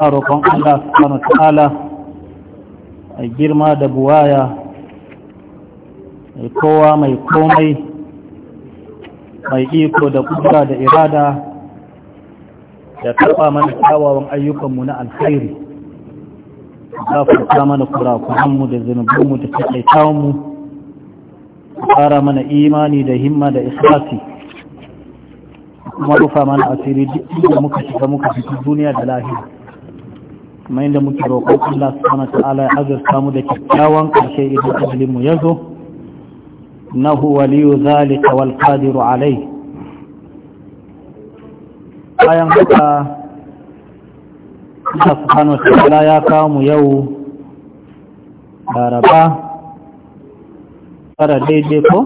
a roƙon Allah subhanahu ta'ala a girma da buwaya mai kowa mai komai mai iko da kudura da irada da taɓa mana kyawawan ayyukanmu na alkhairi za ku ta mana kurakuranmu da zunubinmu da taƙaitawanmu ƙara mana imani da himma da islasi kuma rufa mana asiri duk da muka shiga muka fito duniya da lahira kuma inda muke roƙon Allah subhanahu wa ta'ala ya azurta mu da kyakkyawan ƙarshe idan ajalin mu ya zo Waliyu zali ذلك والقادر alai. bayan haka Allah subhanahu wa ta'ala ya kawo mu yau laraba tsara daidai ko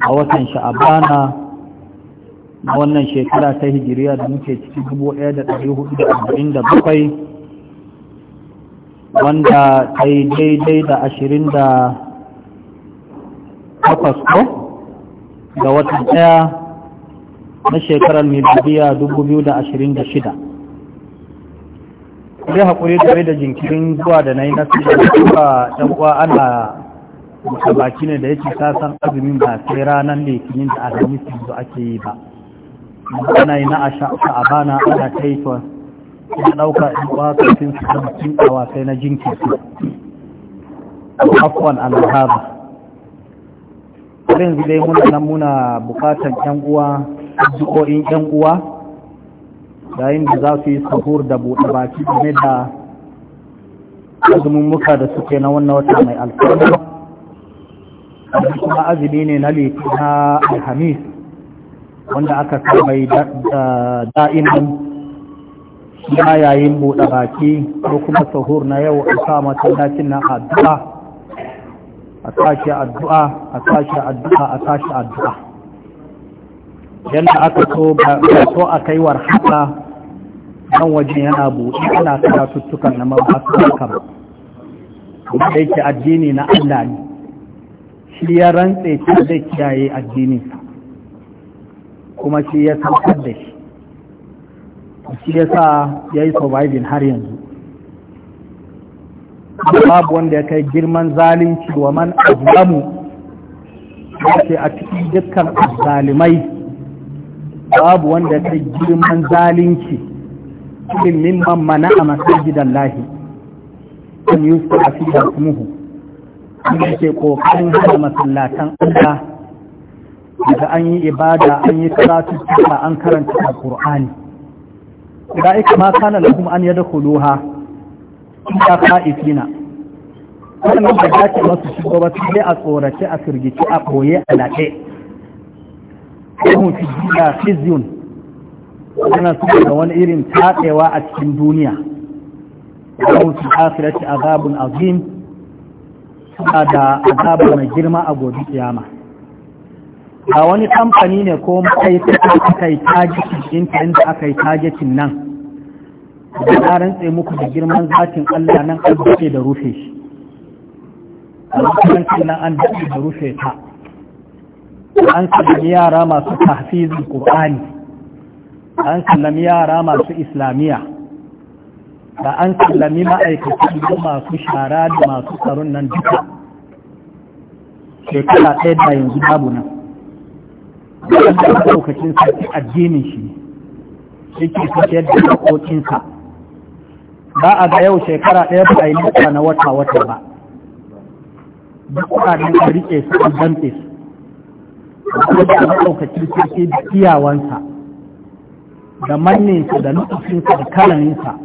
a watan sha'abana na wannan shekara ta hijiriya da muke ciki 1447 wanda ta yi daidai da 28 ko ga watan daya na shekarar miladiya 2026 kuri haƙuri game da jinkirin zuwa da na yi nasu da zuwa ana baki ne da yake sasan azumin ba sai ranar litinin da alhamis yanzu ake yi ba ana yi na a sha'abana ana taitwa ya ɗauka in ba su zama cinkawa sai na su afwan alhaba yanzu dai muna nan muna bukatan ƴan uwa addu'o'in ƴan uwa yayin da za su yi sahur da buɗe baki game da azumin muka da suke na wannan wata mai alfahari? kuma azumi ne na na alhamis wanda aka samai da'inan na yayin buɗe baki ko kuma sahur na yau a sa masallacin na addu'a a sashi addu'a a sashi addu'a a sashi addu'a yadda aka so a kaiwar haka nan waje yana buɗe ana karatuttukan na mabasu haka kuma da yake addini na Allah ne shi ya rantse ta zai kiyaye addininsa kuma shi ya saukar da shi shi ya sa ya yi surviving har yanzu babu wanda ya kai girman zalunci wa man azlamu ce a cikin dukkan zalimai babu wanda ya kai girman zalunci cikin mimman mana a masajidan lahi kan su a fi da ke kokarin hana masallatan Allah daga an yi ibada an yi karatu kuma an karanta alqur'ani ika ma kana lahum an yadkhuluha ta qa'ifina wannan da dace masu shigo ba sai a tsorace a firgici a koye a laƙe kuma fi da fizyun kana su da wani irin tatsewa a cikin duniya kuma fi akhirati azabun azim da azaba mai girma a gobe kiyama a wani kamfani ne ko ma'aikata aka yi tajikin ɗinta inda aka yi tajikin nan da na rantse muku da girman zatin Allah nan an daɗe da rufe shi a makarantar nan an dace da rufe ta an sallami yara masu tafizin ƙur'ani an sallami yara masu islamiyya da an sallami ma'aikata masu shara da masu tsaron nan duka shekara ɗaya da yanzu babu nan da ɗaukakin addinin shi yake fitar da haƙoƙinsa ba a ga yau shekara ɗaya ba a yi nasa na wata-wata ba duk kuɗaɗen a riƙe su a zanɗe su kuma da maɗaukacin sarki da iyawansa da manninsa da nufinsa da kalaninsa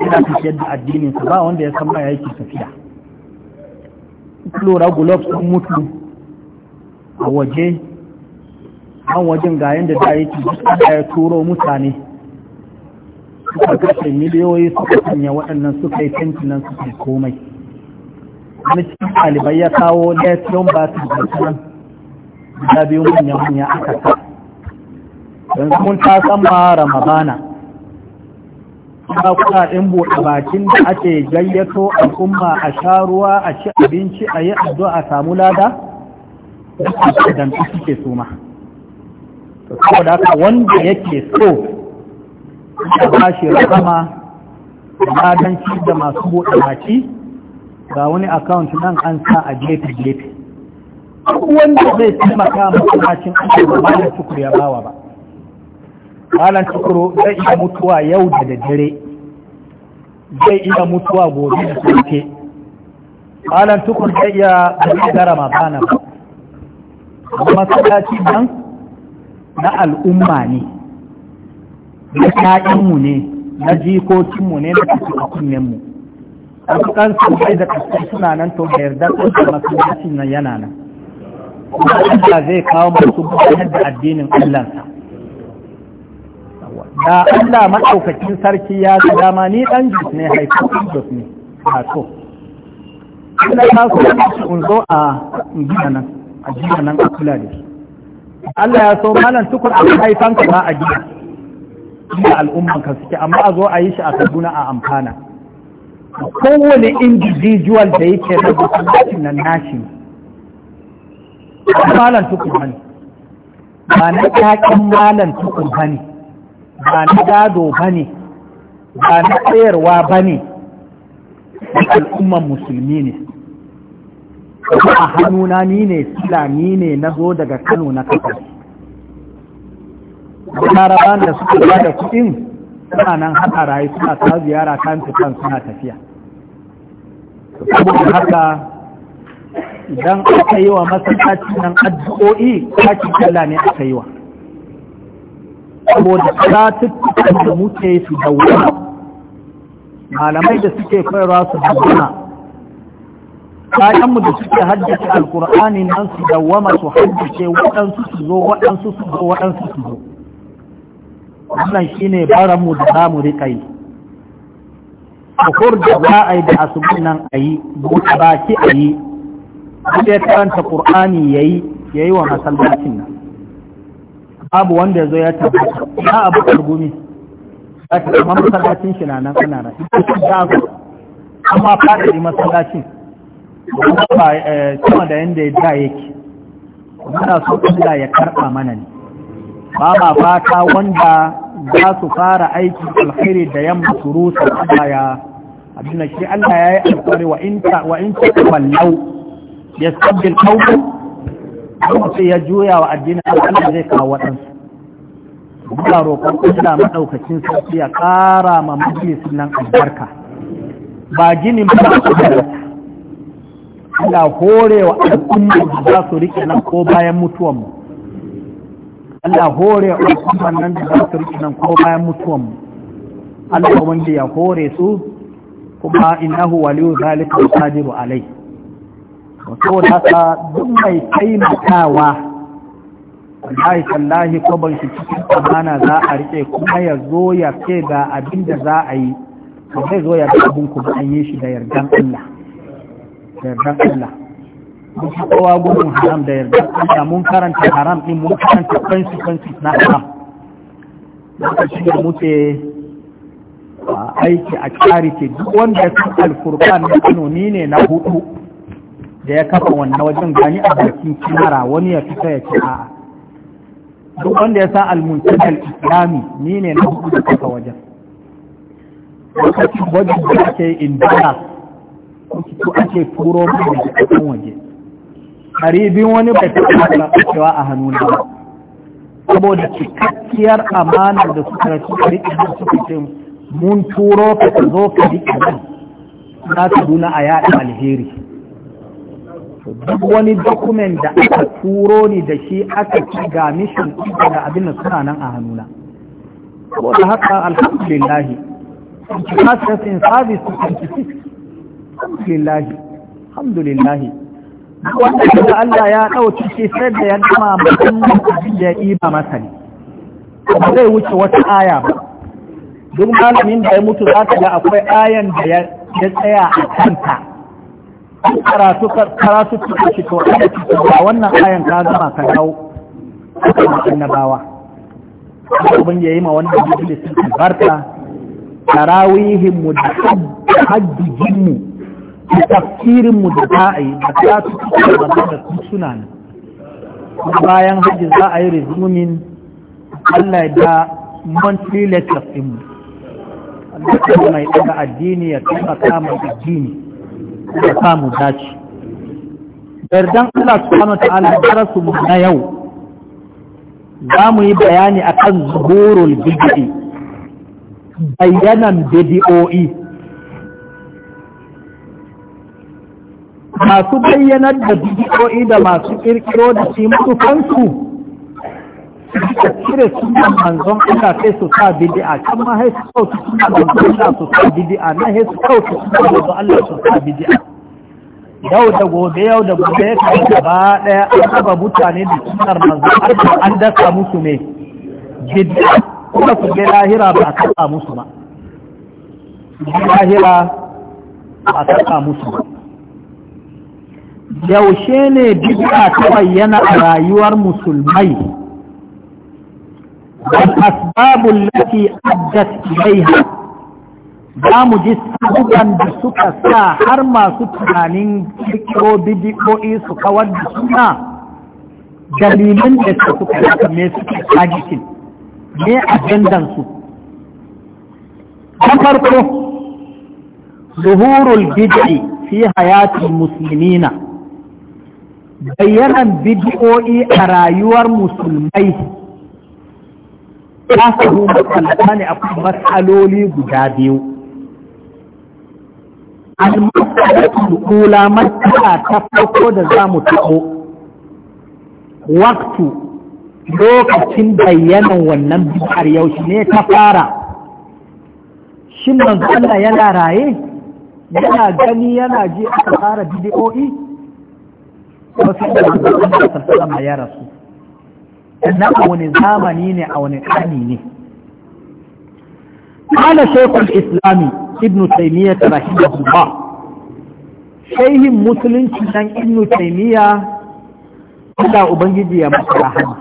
yana tafiyar da addininsa ba wanda ya san ma yake tafiya lura gulob sun mutu a waje an wajen ga yadda da yake da ya turo mutane suka kashe miliyoyi suka sanya waɗannan suka yi fenti nan suka yi komai wani cikin ɗalibai ya kawo lafiyan ba su da sunan da biyu manya-manya aka sa yanzu mun ta sama ramadana kuma kuɗaɗen buɗe bakin da ake gayyato al'umma a sha ruwa a ci abinci a yi addu'a a samu lada da suke suma. to saboda haka wanda yake so ya ba shi rahama da danci da masu buɗe maki ga wani account nan an sa a gefe gefe wanda zai taimaka masallacin ake ba malam tukur ya bawa ba malam tukur zai iya mutuwa yau da daddare zai iya mutuwa gobe da sauke malam tukur zai iya gari da bana ba nan na al'umma ne na ƴaƴanmu ne na jikokinmu ne da kasu a kunninmu wasu kan sulhai da kasu suna nan to da yardar ɗaukar nan yana nan kuma da zai kawo masu gudanar da addinin Allahnsa da Allah maɗaukakin sarki ya ga dama ni ɗan jus ne haifafin jus ne ba so. Allah ta su in zo a gina nan a gina nan a kula da shi Allah ya so malam tukur a haifanka ba a gida inda ka suke amma a zo a yi shi a kaduna a amfana kowane individual da yake da bukatun nan nashi malam tukur bane ba na kakin malam tukur bane ba na gado ne, ba na tsayarwa bane al'umman musulmi ne a hannuna ni ne sila ne na zo daga kano na kasar laraban da suka ba da kuɗin suna nan haɗa rayu suna ta ziyara kan kan suna tafiya saboda haka idan aka yi wa masallaci nan addu'o'i kaci Allah ne aka yi wa saboda satuttukan da muke su dauna malamai da suke koyarwa su dauna bayanmu da suke haddace alkur'ani nan su dawama su haddace waɗansu su zo waɗansu su zo waɗansu su zo wannan ne baranmu da za mu riƙa yi sahur da za a yi da asubin nan a yi buɗe baki a yi buɗe karanta ƙur'ani ya yi ya yi wa masallacin nan babu wanda ya zo ya tabbata ya abu kargumi ya ta kama masallacin shi na nan ana nan amma fadari masallacin Eh, sama da yadda da yake muna so Allah ya karɓa mana ne ba fata wanda za su fara aiki alkhairi da yamma su rusa Allah ya abin shi Allah ya yi alkhairi wa in ta wa in ta ya sabbi kuma sai ya juya wa addinin Allah zai kawo wadansu Allah roƙon Allah madaukakin sarki ya ƙara ma majalisin nan albarka ba ginin ba Allah horewa al'umma da za su rike nan ko bayan mutuwan mu Allah wa al'umma nan da za su rike nan ko bayan mutuwan mu Allah wanda ya hore su kuma innahu waliyu zalika qadiru alai to da ka duk mai taimakawa wallahi sallahi ko ban shi cikin amana za a rike kuma ya zo ya ce ga abin da za a yi ba zai zo ya ga abin ku ba an yi shi da yardan Allah yardar Allah mun fi kowa gudun haram da yardar Allah mun karanta haram ɗin, mun karanta fansu fansu na haram lokacin da muke aiki a charity duk wanda ya san alfurkan na kano ni ne na hudu da ya kafa wannan wajen gani a bakin kinara wani ya fita ya ce a'a duk wanda ya san almuntakal islami ni ne na hudu da kafa wajen lokacin gwajin da ake indana ko ake turo mai da kasan waje karibin wani bai ta da cewa a hannu ne ba saboda cikakkiyar amana da suka rasu a riƙe da suka ce mun turo ka ta zo ka riƙe nan na duna a yaɗa alheri duk wani dokumen da aka turo ni da shi aka ci ga mishin da abin da suna nan a hannuna saboda haka alhamdulillahi. alhamdulillah 25 in sabis 26 alhamdulillahi alhamdulillahi wanda Allah ya ɗauki shi sai da ya gama mutum da ya iba masa ne ba zai wuce wata aya ba duk malamin da ya mutu za ka ga akwai ayan da ya tsaya a kanta karatu karatu cikin shi to ana cikin ba wannan ayan ka gama ka dawo kuma annabawa abin ya yi ma wannan mutum da sun albarka tarawihin mu da hajjijin mu tafsirin mu da za a yi da za su cikin da da su suna ne bayan hajji za a yi resumin Allah da monthly lectures din mu Allah ta mai daga addini ya kama kama addini da mu dace yardan Allah ta ta'ala darasu mu na yau za mu yi bayani akan zuhurul bid'i bayanan bid'o'i masu bayyanar da bidiyoyi da masu kirkiro da shi kanku. suka cire sunan manzon Allah sai su sa bidi'a kan ma sai su kauce manzon Allah su sa bidi'a na sai su kauce sunan manzon Allah su sa bidi'a yau da gobe yau da gobe ya kai gaba daya an saba mutane da sunan manzon Allah an dasa musu ne bidi'a kuma su ga lahira ba a musu ba lahira ba a kasa musu ba yaushe ne bid'a ta bayyana a rayuwar musulmai wal asbabul lati addat ilaiha za mu ji sabuwan da suka sa har masu tunanin kirkiro bidiyoyi su kawar da suna dalilin da su suka yaka me suke tagikin ne ajandansu na farko zuhurul bid'i fi hayatin musulmina bayyanan bidiyoyi a rayuwar musulmai ya samu matsalata ne kuma matsaloli guda biyu al-matsalatul kula matsala ta farko da za mu taɓo waktu lokacin bayyanan wannan bid'ar yaushe ne ta fara shin manzana yana raye yana gani yana ji aka fara bidiyoyi ba su da hankalin da sarfada ma ya rasu na a wani zamani ne a wani kani ne kana shaikhul islami ibn taymiyyah rahimahullah shaykhin musulunci dan ibn taymiyyah da ubangiji ya masa rahama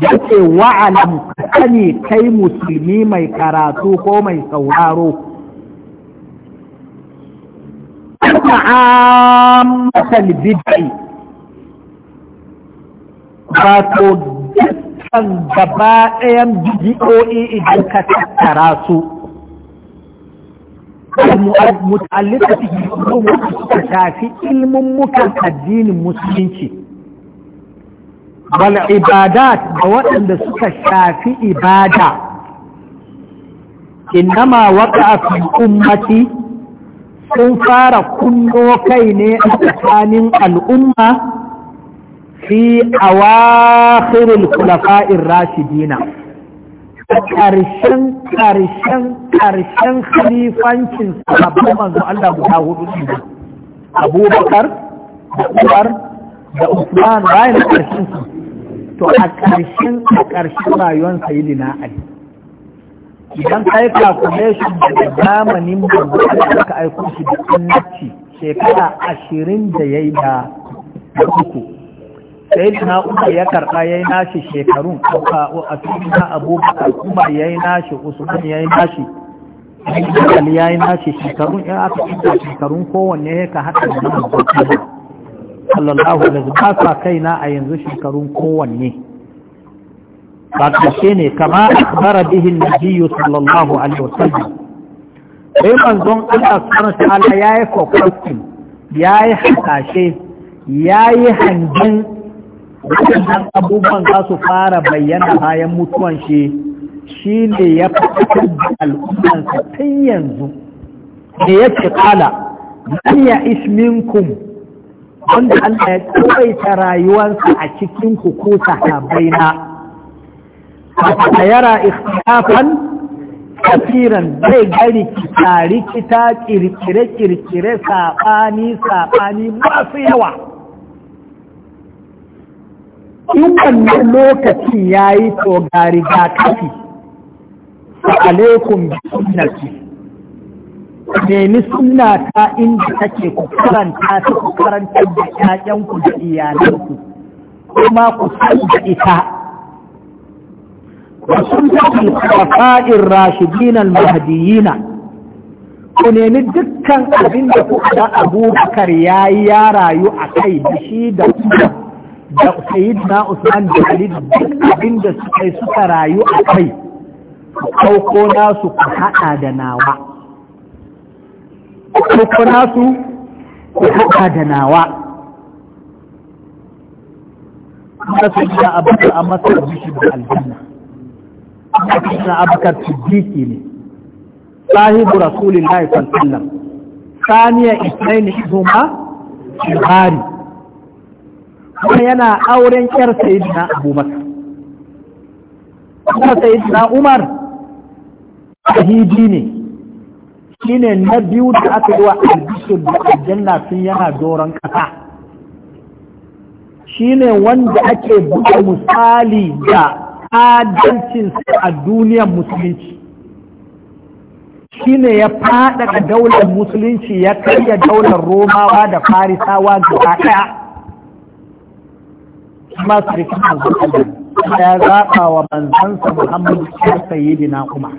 yace wa'alam kani kai musulmi mai karatu ko mai sauraro أن Ba wato dukkan gaba ɗayan bidiyoyi idan ka tattara su mu'allika suka shafi ilmin mukan addinin musulunci wal ibadat da waɗanda suka shafi ibada innama waka fi ummati sun fara kunno kai ne a tsakanin al'umma fi awakhirul khulafa'ir rashidina ƙarshen ƙarshen ƙarshen halifancin sababbin manzo Allah guda hudu ne Abubakar da Umar da Usman bayan ƙarshen su to a ƙarshen a ƙarshen rayuwar lina Ali idan ka yi calculation da zamanin da aka aiko shi da annabci shekara ashirin da ya yi da uku sai da uku ya karɓa ya yi nashi shekarun a cikin na abubakar kuma ya yi nashi usman ya yi nashi Ali ya yi nashi shekarun ya aka cika shekarun kowanne ya ka haɗa da nan sallallahu alaihi wasallam ba sa kaina a yanzu shekarun kowanne ba ƙarshe ne kama akbara bihin Najiyu sallallahu alaihi wasallam sai manzon Allah ya yi yayi ya yayi hasashe yayi hangin wannan abubuwan za su fara bayyana bayan mutuwan shi ne ya fitar da al'umman tun yanzu da yake kala man ya isminkum wanda Allah ya tsawaita rayuwarsa a cikin ku ko a yara ikhtilafan kafiran zai gari kita rikita kirkire-kirkire saɓani-saɓani masu yawa in wannan lokacin ya yi to gari ga kafi alaikum sunnati nemi sunnata ta inda take ku karanta ta ku karanta da ƴaƴanku da iyalanku kuma ku san da ita وسنة الخلفاء الراشدين mahdiyina, ku nemi dukkan abin da kuka da abubakar ya yi ya rayu a kai da shi da da sayid na usman da ali duk abin da suka yi suka rayu a kai ɗauko nasu ku haɗa da nawa ɗauko nasu ku haɗa da nawa kuma sai ya abubakar a masar bishi da aljanna na abakar siddiqi ne sahibu rasulillahi sallallahu saniya isnaini huma buhari kuma yana auren yar sayyidina abubakar kuma sayyidina umar shahidi ne shine na biyu da aka yi wa albishir da aljanna sun yana doron kasa shine wanda ake buɗe misali da adalcinsa a duniyar musulunci shine ya faɗaɗa daular musulunci ya karya daular romawa da farisawa gaba ɗaya kuma sarkin azuƙalin ya zaɓa wa manzansa muhammadu ya sayyidina umar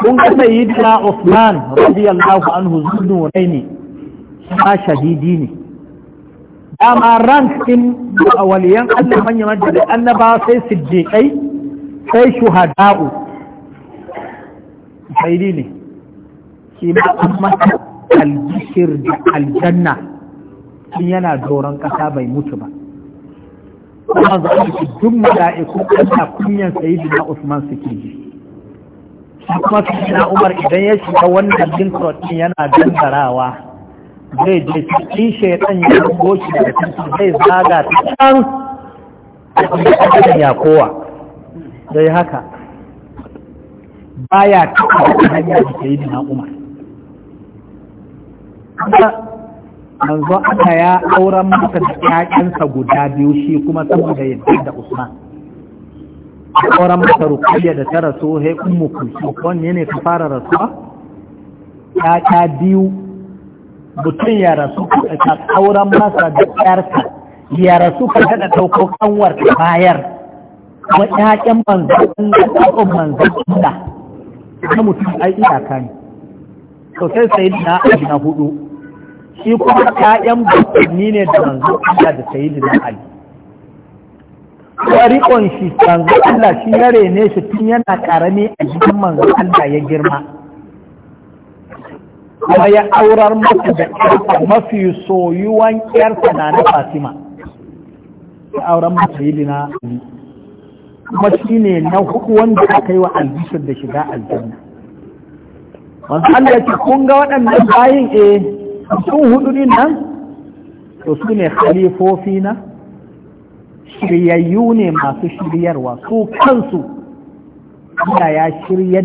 kun yi sayyidina usman radiyallahu anhu zunnu ne shahidi ne dama rank din waliyan Allah manya da annaba sai siddiƙai sai shuhada'u sai ne shi ma an al da al-janna in yana doron ƙasa bai mutu ba kuma za ku ci duk mala'iku kunyan Sayyidina usman suke ji kuma su umar idan ya shiga wannan din yana dandarawa zai je cikin shaidan ya hango shi da cikin zai zaga ta can a cikin yakowa zai haka baya taɓa hanyar da ta yi na umar manzo aka ya auren masa da ƴaƴansa guda biyu shi kuma saboda yadda da Usman auren masa rukayya da ta rasu he ummu wani ne ta fara rasuwa Ya'ya biyu mutum yara rasu ka tsauran masa da ƙyarta. Yara su ka daɗa ɗauko kanwar bayar kuma ƴaƴan manzan da ɗaukon manzan da na mutum ai iyaka ne sosai sai na abu na hudu shi kuma ƴaƴan bakanni ne da manzan Allah da sayi na Ali kuma riƙon shi manzan Allah shi yare ne shi tun yana ƙarami a gidan manzan Allah ya girma kuma ya aurar masa da ƴarsa mafi soyuwan ƴarsa na na fatima ya auren masa yi na ali kuma shi ne na hudu wanda aka yi wa albishir da shiga aljanna wanzu Allah ya ce kun ga waɗannan bayin eh sun hudu ne nan to su ne khalifofi na shiryayyu ne masu shiryarwa su kansu Allah ya shiryar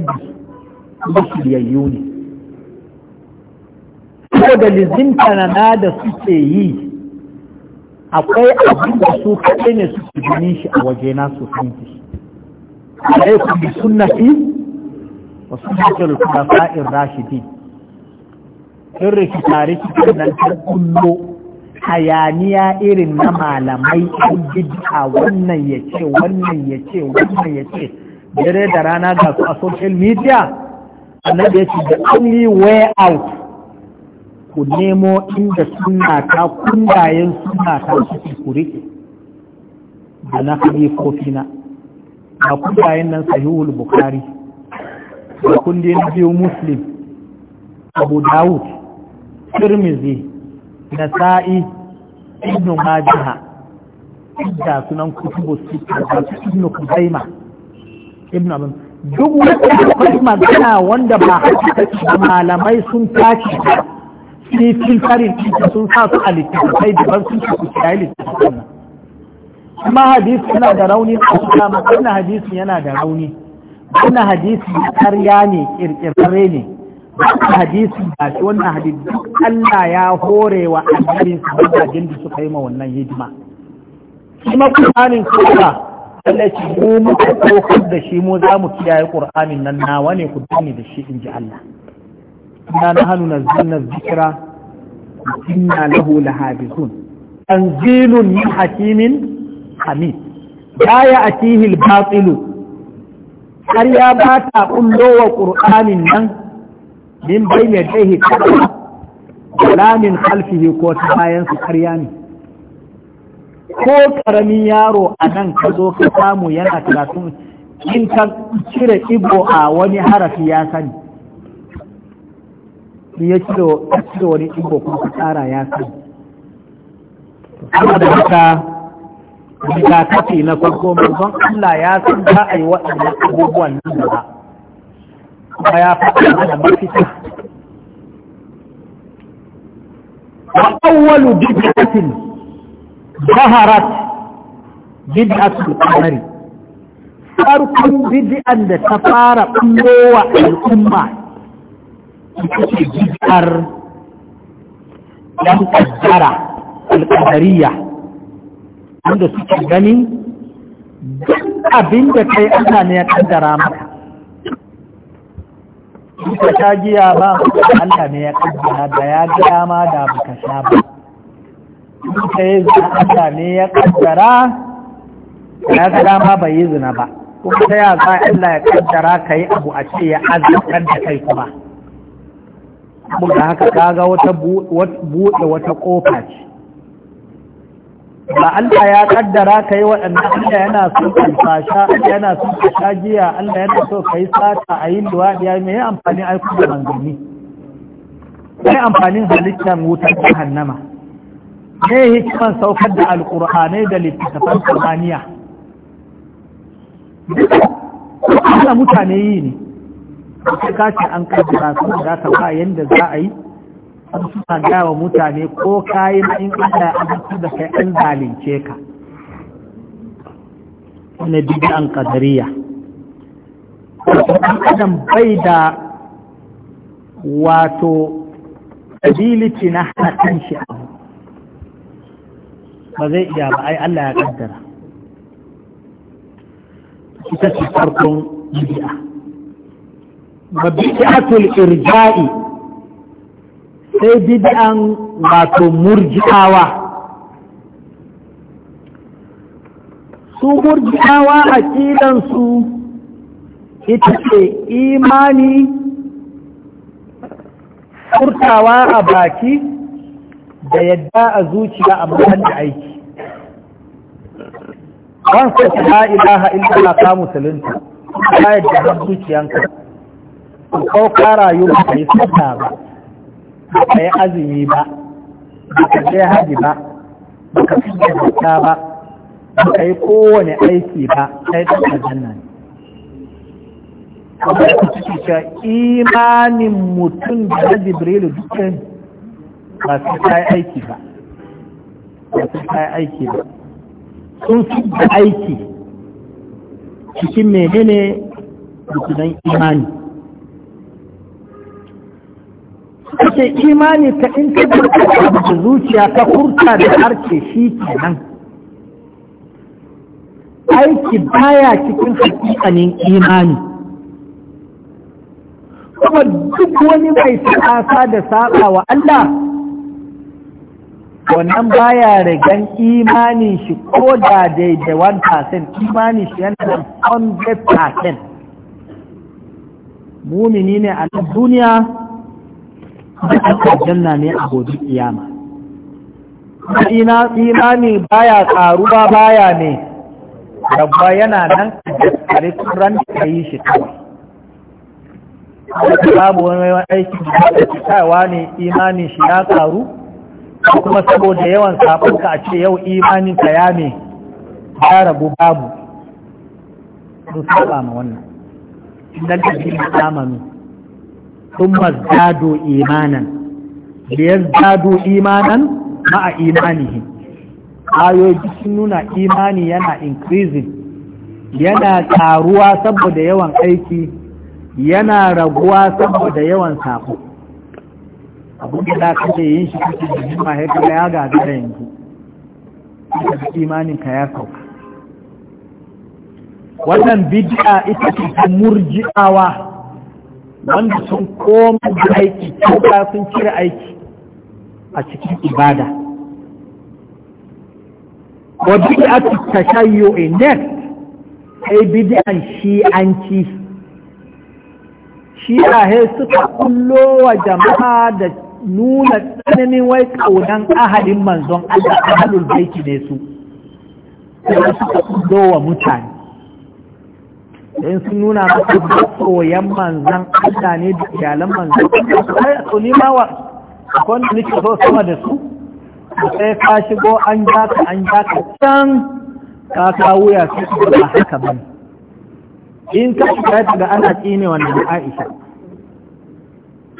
da su shiryayyu ne saboda lizinta na da suke yi akwai abin da su kaɗai ne suke ganin shi a waje na su fi kare alaikum bi sunnati wa sunnati al-khulafa'ir rashidin in rikita rikitan nan ta kullo hayaniya irin na malamai an a wannan ya ce wannan ya ce wannan ya ce dare da rana ga su a social media annabi ya ce the only way out ku nemo inda suna ta kundayen suna ta suke ku da na halifofi na a kundayen nan sahihul bukari da kundi na biyu muslim abu dawud na nasa'i ibnu majiha da sunan kutubu sita da ibnu kuzaima ibnu abin duk wata akwai magana wanda ba haka take malamai sun tashi cikin filtarin ɗinka sun sa su a littattafai daban sun ce ku su littattafan nan kuma hadisi yana da rauni a kusa wannan hadisi yana da rauni wannan hadisi karya ne kirkirare ne wannan hadisi ba shi wannan hadisi Allah ya hore wa annabin su da suka yi ma wannan hidima kuma Qur'anin kuma Allah ce mu muka da shi mu za mu kiyaye Qur'anin nan nawa ne ku dani da shi inji Allah na nahanu nazzalna dhikra inna lahu lahadithun tanzilun min hakimin hamid la ya'tihi al-batilu har ya ba ta kullo wa qur'anin nan min bayna dai wala min khalfihi ko ta bayan su karya ne ko karamin yaro a nan ka zo ka samu yana karatun in ka cire ibo a wani harafi ya sani ni ya ciro ya wani ɗigo kuma ka tsara ya san kuma da haka rigakafi na farko manzon Allah ya san za a yi waɗannan abubuwan nan da ba kuma ya faɗa mana mafita wa awwalu bid'atin zaharat bid'atul qamari farkon bid'an da ta fara kullowa al'umma ita ce bid'ar yan kaddara alƙadariya wanda suke ganin duk abin da kai Allah ne ya ƙaddara maka ka sha giya ba Allah ne ya kaddara da ya gaya ma da baka sha ba ka yi zina Allah ne ya kaddara da ya gaya ma bai yi zina ba kuma ta ya za Allah ya kaddara ka yi abu a ce ya azabtar da kai kuma da haka kaga wata buɗe wata ƙofa ce ba Allah ya kaddara ka yi waɗannan Allah yana son alfasha Allah yana son ka sha giya Allah yana so ka yi sata a yin luwaɗi ya mai amfani aiki da manzanni mai amfanin halittar wutar jahannama ne hikiman saukar da alƙur'anai da littattafan samaniya duka mutane yi ne sai ka an kaddara su da ta ba yanda za a yi an suna wa mutane ko kayi na in Allah su da kai an zalunce ka wani bid'an qadariya adam bai da wato ability na hana kanshi ba zai iya ba ai Allah ya kaddara kita ci farkon bid'a wa bid'atul irja'i sai bid'an wato murji'awa su murji'awa a kidansu ita ce imani furtawa a baki da yadda a zuciya a da aiki wansa ta in illa ka musulunta ta yadda har zuciyanka ko ka yi ba yi sata ba ba ka yi azumi ba ba ka je haji ba ba ka fi da ba ba ka yi kowane aiki ba sai ta aljanna ne kamar ku ciki cewa imanin mutum da na jibrilu dukkan ba su kai aiki ba ba su kai aiki ba sun fi da aiki cikin menene rukunan imani kake imani ta in ka da zuciya ta furta da harke shi kenan aiki baya cikin hakikanin imani kuma duk wani mai sa'asa da saba wa Allah wannan baya rigan imani shi ko da one percent. imani shi yana da percent. mumini ne a duniya duk ne a gobe kiyama ina imani baya karuwa baya ne rabba yana nan kare turan da yi shi kawai babu wani aiki da kitawa ne imani shi ya karu kuma saboda yawan sabonka a ce yau imanin ka ya ne ya rabu babu sun saba ma wannan idan da jini amanu ثم ازدادوا إيمانا ليزدادوا إيمانا مع إيمانهم ayoyi sun nuna imani yana increasing yana karuwa saboda yawan aiki yana raguwa saboda yawan sako abu da za ka yin shi kake da jima ya ga ya yanzu ita imanin ka ya sauka wannan bid'a ita ce murji'awa wanda sun koma da aiki kyauta sun cire aiki a cikin ibada wa bid'atu tashayyu'i next ai ci. shi'anci shi'a he suka kullo wa jama'a da nuna tsananin wai kaunan ahadin manzon Allah halin aiki ne su sai suka kullo wa mutane in sun nuna maka koyan manzan Allah ne da iyalan manzan Allah su ma wa wanda nake so sama da su sai ka shigo an ja ka an ja ka can ka kawo ya su ba haka bane in ka shiga daga ana tsine wannan Aisha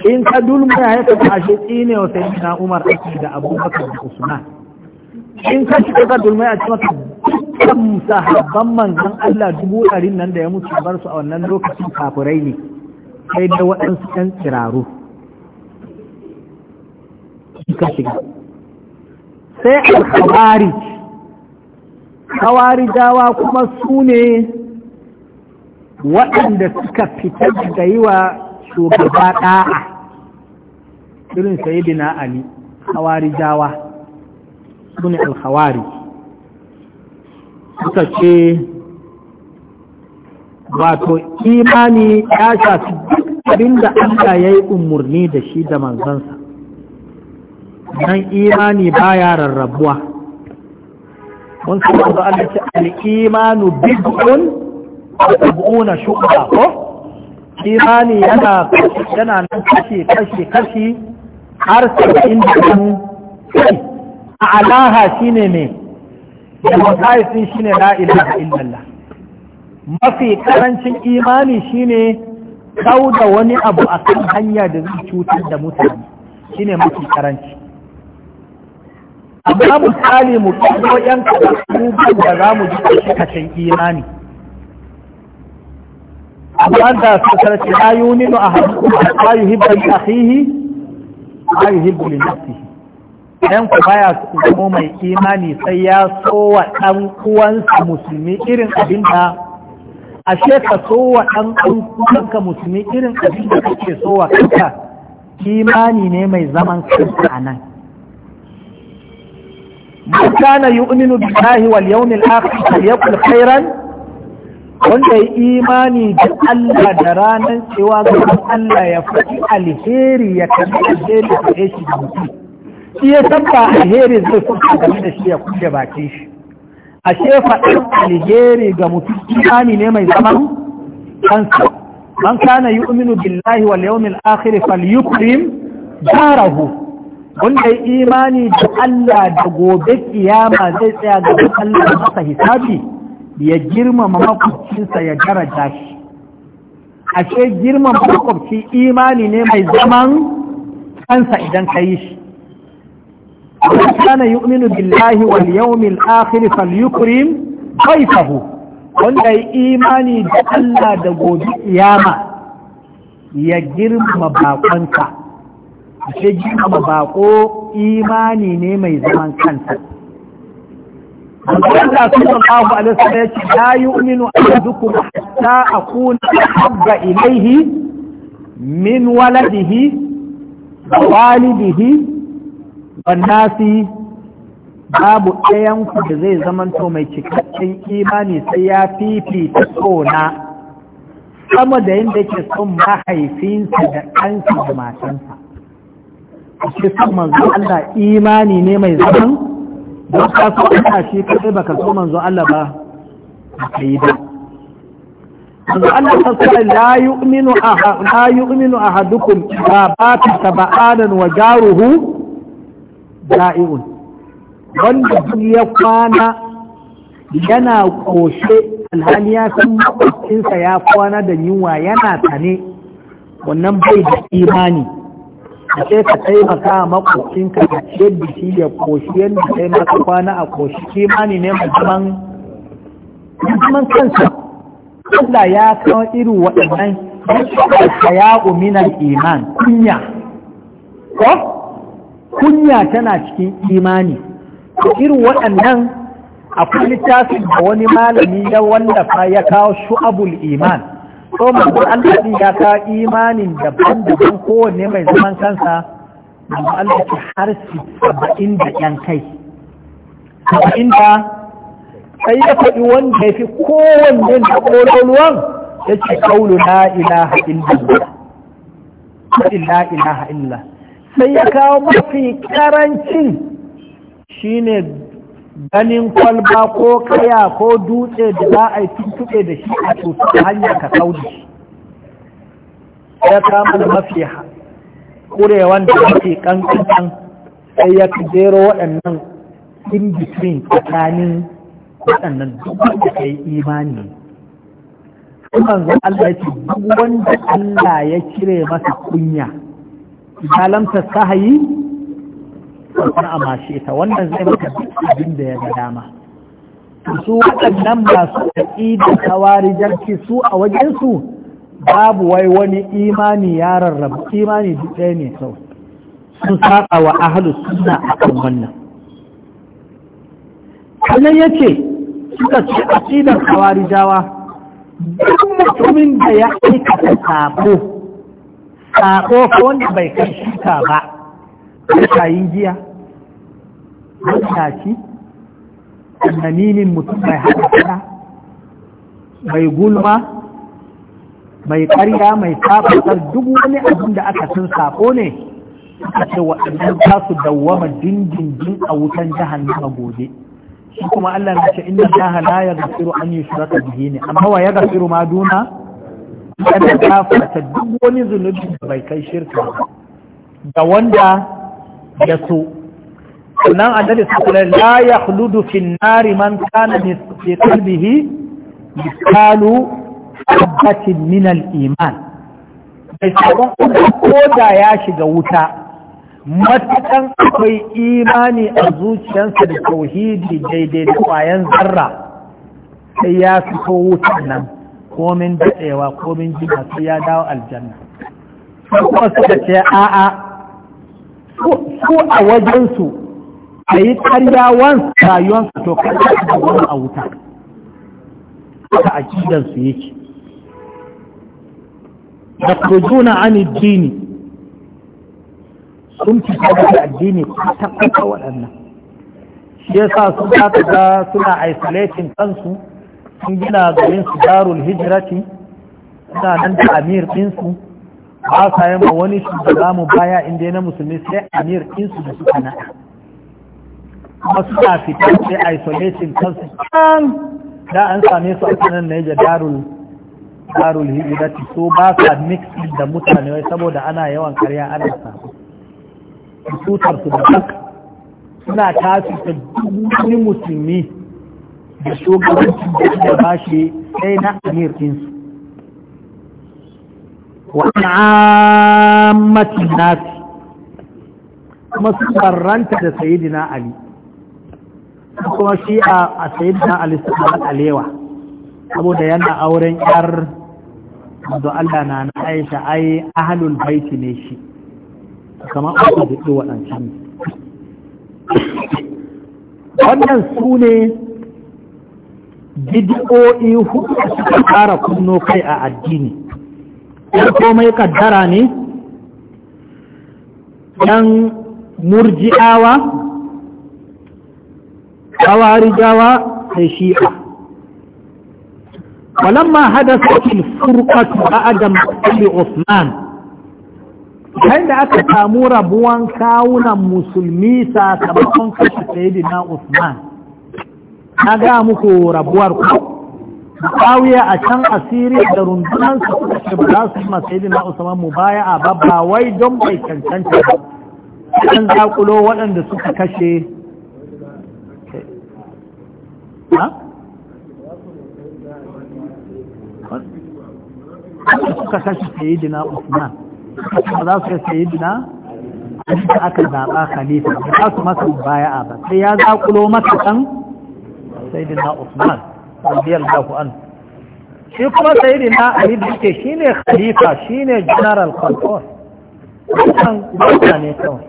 in ka dulma ya ka ashe tsine wa na Umar ake da Abubakar da Usman in ka ci ka dulmai a ci maka dukkan sahabban manzan Allah dubu ɗari nan da ya mutu bar su a wannan lokacin kafirai ne sai da waɗansu ɗan tsiraru suka shiga sai alkhabari hawari dawa kuma su ne waɗanda suka fitar da yi wa shugaba ɗa'a irin sayidina ali hawari dawa su ne alkhawari suka ce wato imani ya shafi abin da Allah ya yi umarni da shi da manzansa nan imani baya rarrabuwa mun san da Allah ce al-imanu bid'un sab'una shuka ko imani yana kashi kashi kashi har 70 kashi a alaha shine ne da demokrasi shine la ilaha illallah mafi karancin imani shine da wani abu akan hanya da zai cutar da mutane shine mafi karanci amma misali mu kawo yan abubuwan da za mu ji kashe imani amma da ayu nino a hannu a yuhibbu a akhihi a yuhibbu li nafsihi idan ku baya su zamo mai imani sai ya sowa ɗan uwansa musulmi irin abin da ashe ka sowa ɗan uwanka musulmi irin abin da kake sowa kanka imani ne mai zaman kanka a nan man kana yu'minu billahi wal Afirka, akhir falyakul khairan wanda ya imani da Allah da ranar cewa ga Allah ya faɗi alheri ya kalli alheri da ya shi da mutum shi ya tabba alheri zai kuka game da shi ya kuke bakin shi ashe faɗin alheri ga mutum imani ne mai zaman kansa man kana yu'minu billahi wal akhiri fal falyukrim jarahu. wanda imani da Allah da gobe kiyama zai tsaya ga Allah masa hisabi ya girmama makwabcinsa ya daraja shi ashe girmama makwabci imani ne mai zaman kansa idan ka yi shi man kana yu'minu billahi wal yawmil akhir falyukrim dhayfahu wanda ya imani da Allah da gobe yama ya girma bakonka ya girma bako imani ne mai zaman kansa Allah sallallahu alaihi wasallam ya ce la yu'minu ahadukum a kuna Abba ilaihi, min waladihi wa walidihi wannasi babu ɗayanku da zai zamanto mai cikakken imani sai ya fifita tsona sama da yadda ke son mahaifinsa da ɗansa da matansa ce son manzo Allah imani ne mai zaman don ka so Allah shi kaɗai baka so manzo Allah ba ka yi ba. manzo Allah ta sa la yu'minu ahadukum ba ba ta taba'adan wa jaruhu da'i'un wanda duk ya kwana yana koshe alhali ya san ya kwana da yunwa yana tane wannan bai da imani a sai ka taimaka a maƙwabcinka da ciyar da shi ya koshe yadda sai na kwana a koshe imani ne musamman kansa Allah ya kawo irin waɗannan ya umina iman kunya ko kunya tana cikin imani irin waɗannan akwai littafin da wani malami ya wallafa ya kawo shu'abul iman so manzo Allah ya kawo imanin daban-daban kowanne mai zaman kansa manzo Allah ke har saba'in da yan kai saba'in da sai ya faɗi wanda ya fi kowanne da ƙololuwan ya ce la ilaha illallah la ilaha illallah sai ya kawo mafi karancin shine ganin kwalba ko kaya ko dutse da za a yi tuntuɓe da shi a cutar hanyar ka saudi ya kama da mafi kurewan da mafi kankan sai ya jero waɗannan in between tsakanin waɗannan duk da ka yi imani kuma Allah ya ce duk wanda Allah ya cire masa kunya idan ta tastahi fa amma shi ta wannan zai maka abin da ya ga dama su waɗannan masu aƙida jarki su a wajensu babu wai wani imani ya rarrabu imani duk ɗaya ne kawai sun saƙa wa ahalu suna a kan wannan sannan ya ce suka ce aƙidar jawa duk mutumin da ya aikata sabo sako ko wanda bai kai shuka ba yi giya matashi annaminin mutum mai haɗa mai gulma mai ƙarya mai tafatar duk wani abin da aka sun sako ne suka ce waɗannan za su dawwama dindindin a wutan jahannama gobe shi kuma Allah ya ce inna Allah la yaghfiru an yushraka bihi ne amma wa yaghfiru ma duna kada gafarta duk wani zunubi da bai kai shirka da wanda ya so sannan annabi sallallahu alaihi la yakhludu fi nari man kana fi qalbihi misalu habbatin min al-iman bai sabon ko ya shiga wuta matakan akwai imani a zuciyarsa da tauhidi daidai da kwayan zarra sai ya fito wutan nan komin daɗewa komin jima sai ya dawo aljanna su kuma suka ce a'a su a wajensu a yi karyawan rayuwarsu to kan da wani a wuta haka akidansu yake da kurjuna an dini sun fita daga addini kwata-kwata waɗannan shi yasa su za ga suna isolating kansu sun gina garin su darul hijirati suna nan da amir ɗinsu ba sa yi ma wani shugaba mu baya inda na musulmi sai amir ɗinsu da suka na kuma suna fitar sai isolation kansu can da an same su a kanan naija darul darul hijirati so ba sa mixing da mutane wai saboda ana yawan karya ana samu tutar su da suna tafi da duk musulmi da shugabancin da aka ba shi sai na amir ɗinsu wa ammatin nasi kuma su barranta da sayidina ali kuma shi a sayidina ali su alewa saboda yana auren yar da Allah na na aisha ai ahalul baiti ne shi kamar aka zuɗi waɗancan wannan su ne bid'o'i hudu suka fara kunno kai a addini yan komai kaddara ne yan murji'awa kawarijawa sai shi'a walamma hadasa ilfurkatu a adam ali osman yayin da aka samu rabuwan kawunan musulmi sakamakon kashe sayidina usman na ga muku rabuwar ku Kawiya a can asiri da rundunansa suka ce ba za su yi masayi na Usman mu baya a babba wai don bai cancanta ba. Kan zakulo waɗanda suka kashe suka kashe na Usman ba za su yi sayidina da aka zaɓa khalifa ba za su masa baya a ba sai ya zakulo maka ɗan sayyidina Usman radiyallahu anhu shi kuma sayyidina Ali da shine khalifa shine general control wannan gwamna ne kawai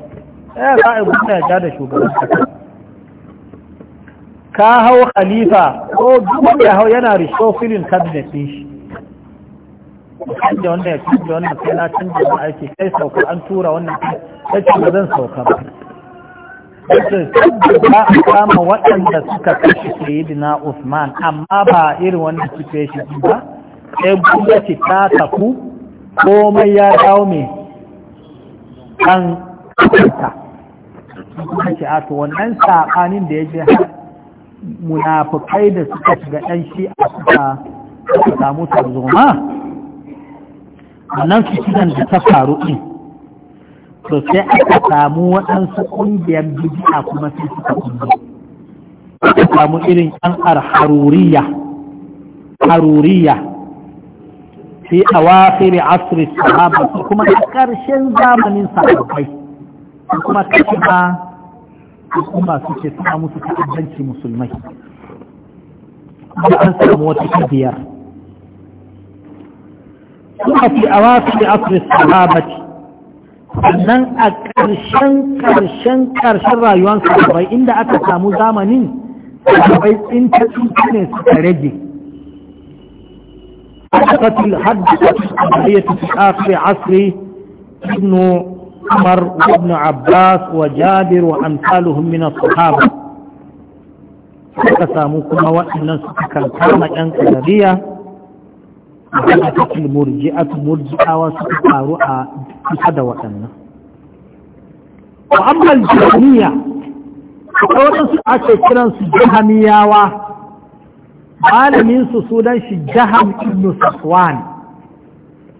ya eh, za a gwamna ya ja da shugaban kasa ka hau khalifa ko duk ya hau yana reshuffling cabinet din shi canja wanda ya canja wannan sai na canza wani aiki kai sauka an tura wannan kai ce ba zan sauka ba wajen ba a kama waɗanda suka kashe sayidina Usman amma ba irin wanda suke shi ba sai gwamnati ta tafi komai ya dawo mai kan kanta ce ato wannan saɓanin da ya je munafukai da suka shiga ɗan shi a suka samu tarzoma wannan fitinan da ta faru ɗin to sai aka samu waɗansu ƙungiyar bidi'a kuma sai suka kundu aka samu irin ɗan haruriya haruriya fi awafiri asiri sahaba kuma a ƙarshen zamanin sahabbai kuma kashima al'umma suke sa musu ta'addanci musulmai an samu wata ƙungiyar suka fi a awafiri asiri sahabati sannan a ƙarshen ƙarshen ƙarshen rayuwan sahabai inda aka samu zamanin sahabai in ta tuntu ne su ta rage ƙasatul hajji ta tuntu ta tsakari asiri ibnu umar ibnu abbas wa jabir wa amsaluhum min as-sahaba suka samu kuma waɗannan suka kankama yan ƙadariya idan aka murji'awa suka faru a kusa da waɗannan wa amma jahmiya akwai waɗansu ake kiransu jahamiyawa malamin su sunan shi jaham ibn safwan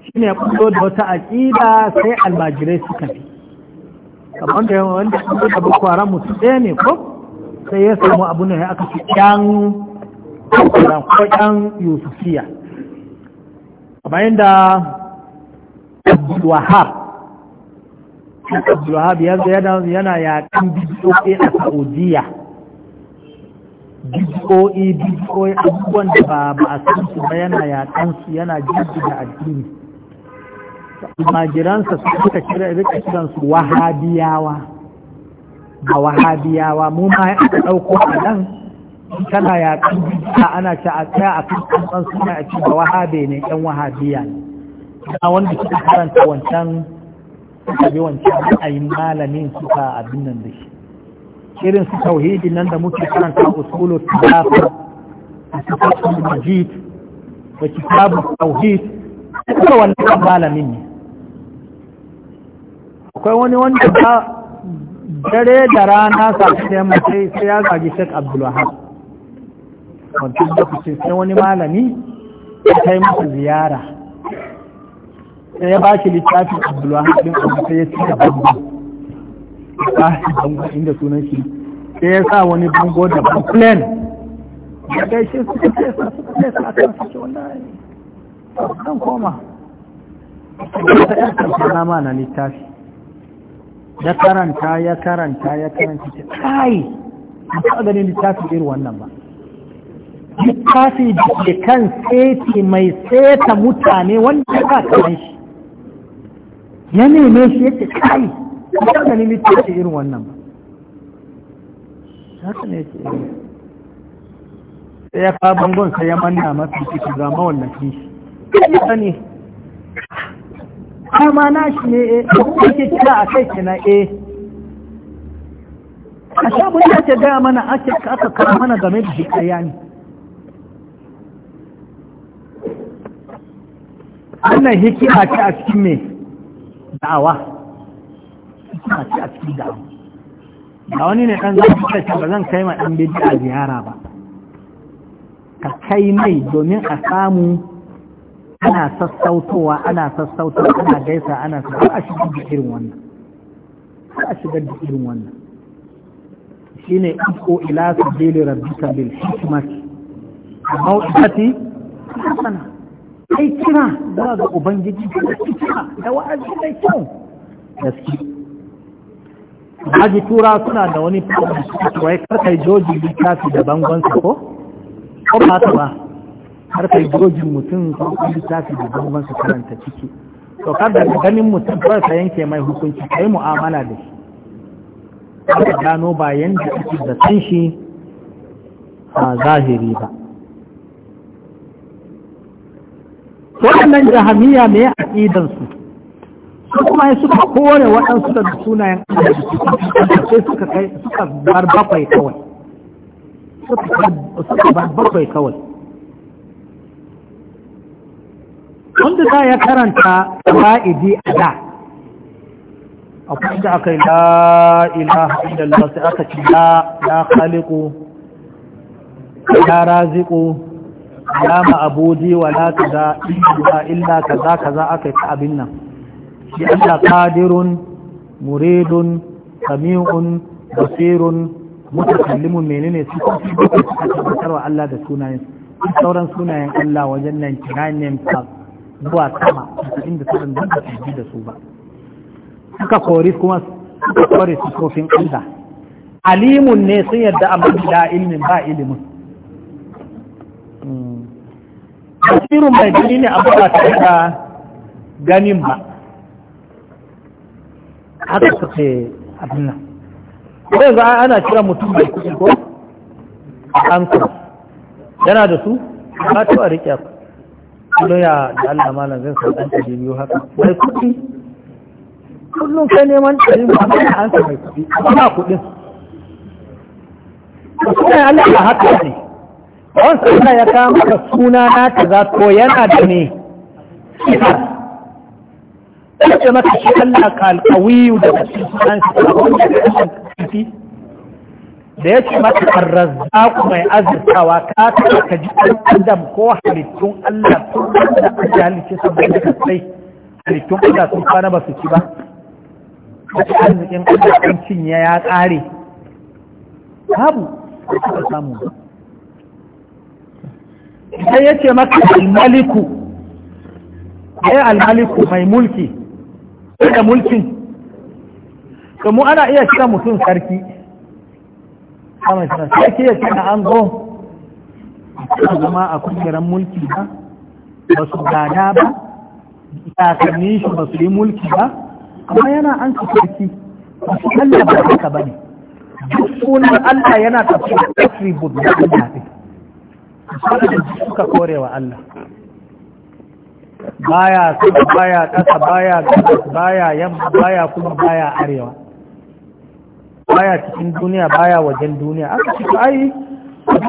shine ya kullo da wata aqida sai almajirai suka fi kamar da wanda kuma da bukwara musu ɗaya ne ko sai ya samu abu ne aka fi kyan ko kyan yusufiya kamar yadda abdulwahab abdulwahab yanzu yana yakan bidiyoyi a saudiya bidiyoyi bidiyoyi abubuwan da ba a san su ba yana yakan su yana jirgin da addini majiransa su suka kira rika kiran su wahabiyawa ba wahabiyawa mu ma ya ɗauko a nan kana ya a ana ci a tsaya a kan kansan suna a cikin wahabe ne yan wahabiya a wanda suka karanta wancan suka bi wancan ra'ayin malamin suka abin nan da shi irin su tauhidi nan da muke karanta usulu talafa a cikin majid da kitabu tauhid duka wannan malamin ne akwai wani wanda ba dare da rana sa sai sai ya zagi shek Abdul wancan lokacin sai wani malami ya kai masa ziyara sai ya ba shi littafin abdulwahab din abu sai ya ci da bango ba shi bango inda sunan shi sai ya sa wani bango da plan ya gaishe su ka fesa su ka fesa a kan suke wallahi zan koma ta ya karfana nama na littafi ya karanta ya karanta ya karanta ta kai ba ganin littafin irin wannan ba littafi da ke kan tsefi mai tsefa mutane wanda ka kan shi ya neme shi yake kai ya ta nemi littafi irin wannan ba haka ne ke sai ya kawo bangon sai ya manna masu cikin ga mawallafi shi ya sani Kuma na shi ne eh ake kira a kai kina e eh. a sha mun ce gaya mana ake aka kama mana game da shi ne wannan hikima ce a cikin me da'awa hikima ce a cikin da'awa da wani ne ɗan zai ce ba zan kai ma ɗan bidi a ziyara ba ka kai mai domin a samu ana sassautowa ana sassautowa ana gaisa ana sassautowa a shigar da irin wannan a shigar da irin wannan Shi ne ko ila sabili rabbika bil ta fi sana ai kira zuwa ga ubangiji kira da wa'azi mai kyau gaske Haji Tura suna da wani problem wai karkai joji littafi da bangon sa ko? Ko ba ta ba, karkai joji mutum ko littafi da bangon sa karanta ciki. To kar da ganin mutum kawai ka yanke mai hukunci ka yi mu'amala da shi. Ka gano ba yanda ake da san shi a zahiri ba. waɗannan jahamiya ne a ƙidansu su kuma ya suka kore waɗansu da sunayen Allah sai suka kai suka bar bakwai kawai suka bar bakwai kawai wanda za ya karanta fa'idi a da akwai da aka yi la ilaha illallah sai aka ci la la khaliqu ya ma'abudi wa la kaza illa illa kaza kaza aka ta abin nan shi Allah qadirun muridun sami'un basirun mutakallimun menene su ko su tabbatar Allah da sunayen sauran sunayen Allah wajen nan kiranin ta zuwa sama inda sauran da ba su da su ba suka kori kuma suka kori su sofin Allah alimun ne sun yadda amma da ilmin ba ilimin tasirin mai gani ne abu ba ta da ganin ba haka suke abin nan ko za ana kira mutum mai kuɗi ko kuma yana da su ba ta a riƙe ku ya da Allah na zan san ɗan ɗari biyu haka mai kuɗi kullum kai neman ɗari ba a na ansa mai kuɗi amma kuɗin. Kuɗin Allah ba haka ne. wanda ya kama ka suna na kaza to yana da ne kace maka shi Allah ka alqawiyu da cikin sunan shi da ya kafi da yake maka ku mai azurtawa ka ka ji adam ko halittun Allah tun da aka sun bai da kai halittun Allah sun kwana ba su ci ba kace arzikin Allah kan cinye ya ƙare. babu ka samu ba sai ya ce maka almaliku ai almaliku mai mulki da mulkin mu ana iya kira mutum sarki sarki ya kira an zo a zama a kungiyar mulki ba ba su gada ba kakanni shi ba su yi mulki ba amma yana an su sarki ba su kalla ba haka ba ne duk sunan Allah yana tafiya tasiri budu da Allah waɗanda suka kore wa Allah baya sama baya ƙasa baya gabas baya yamma baya kuma baya arewa baya cikin duniya baya wajen duniya aka ci ai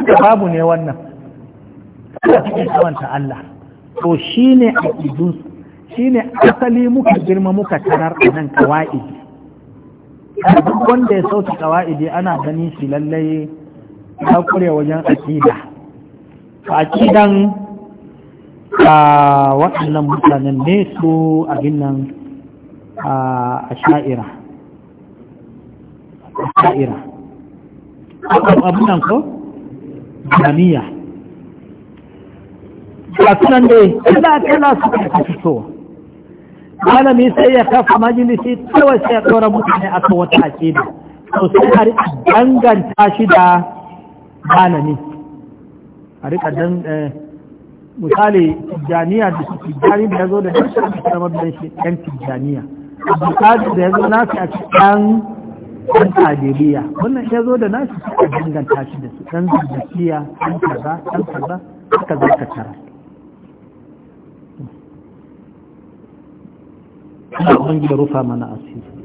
da babu ne wannan kada cikin kawanta Allah to shine a idunsu shine asali muka girma muka tarar a nan kawa'idi duk wanda ya sauta kawa'idi ana ganin shi lallai ya kure wajen aƙida aƙidan a waɗannan mutanen ne su abin nan a sha'ira a sha'ira abin nan ko jami'a a sunan dai kala-kala su ka fito malami sai ya kafa majalisi kawai sai ya ɗora mutane a kan wata aƙida sosai har danganta shi da malami a rika eh, da su tijjani da ya zo da a cikin shi ɗan tijjaniya misali da ya zo nasu a cikin ɗan wannan ya zo da nasu a danganta da su ɗan zargaciya ɗan kaza ɗan kaza tara rufa mana asiri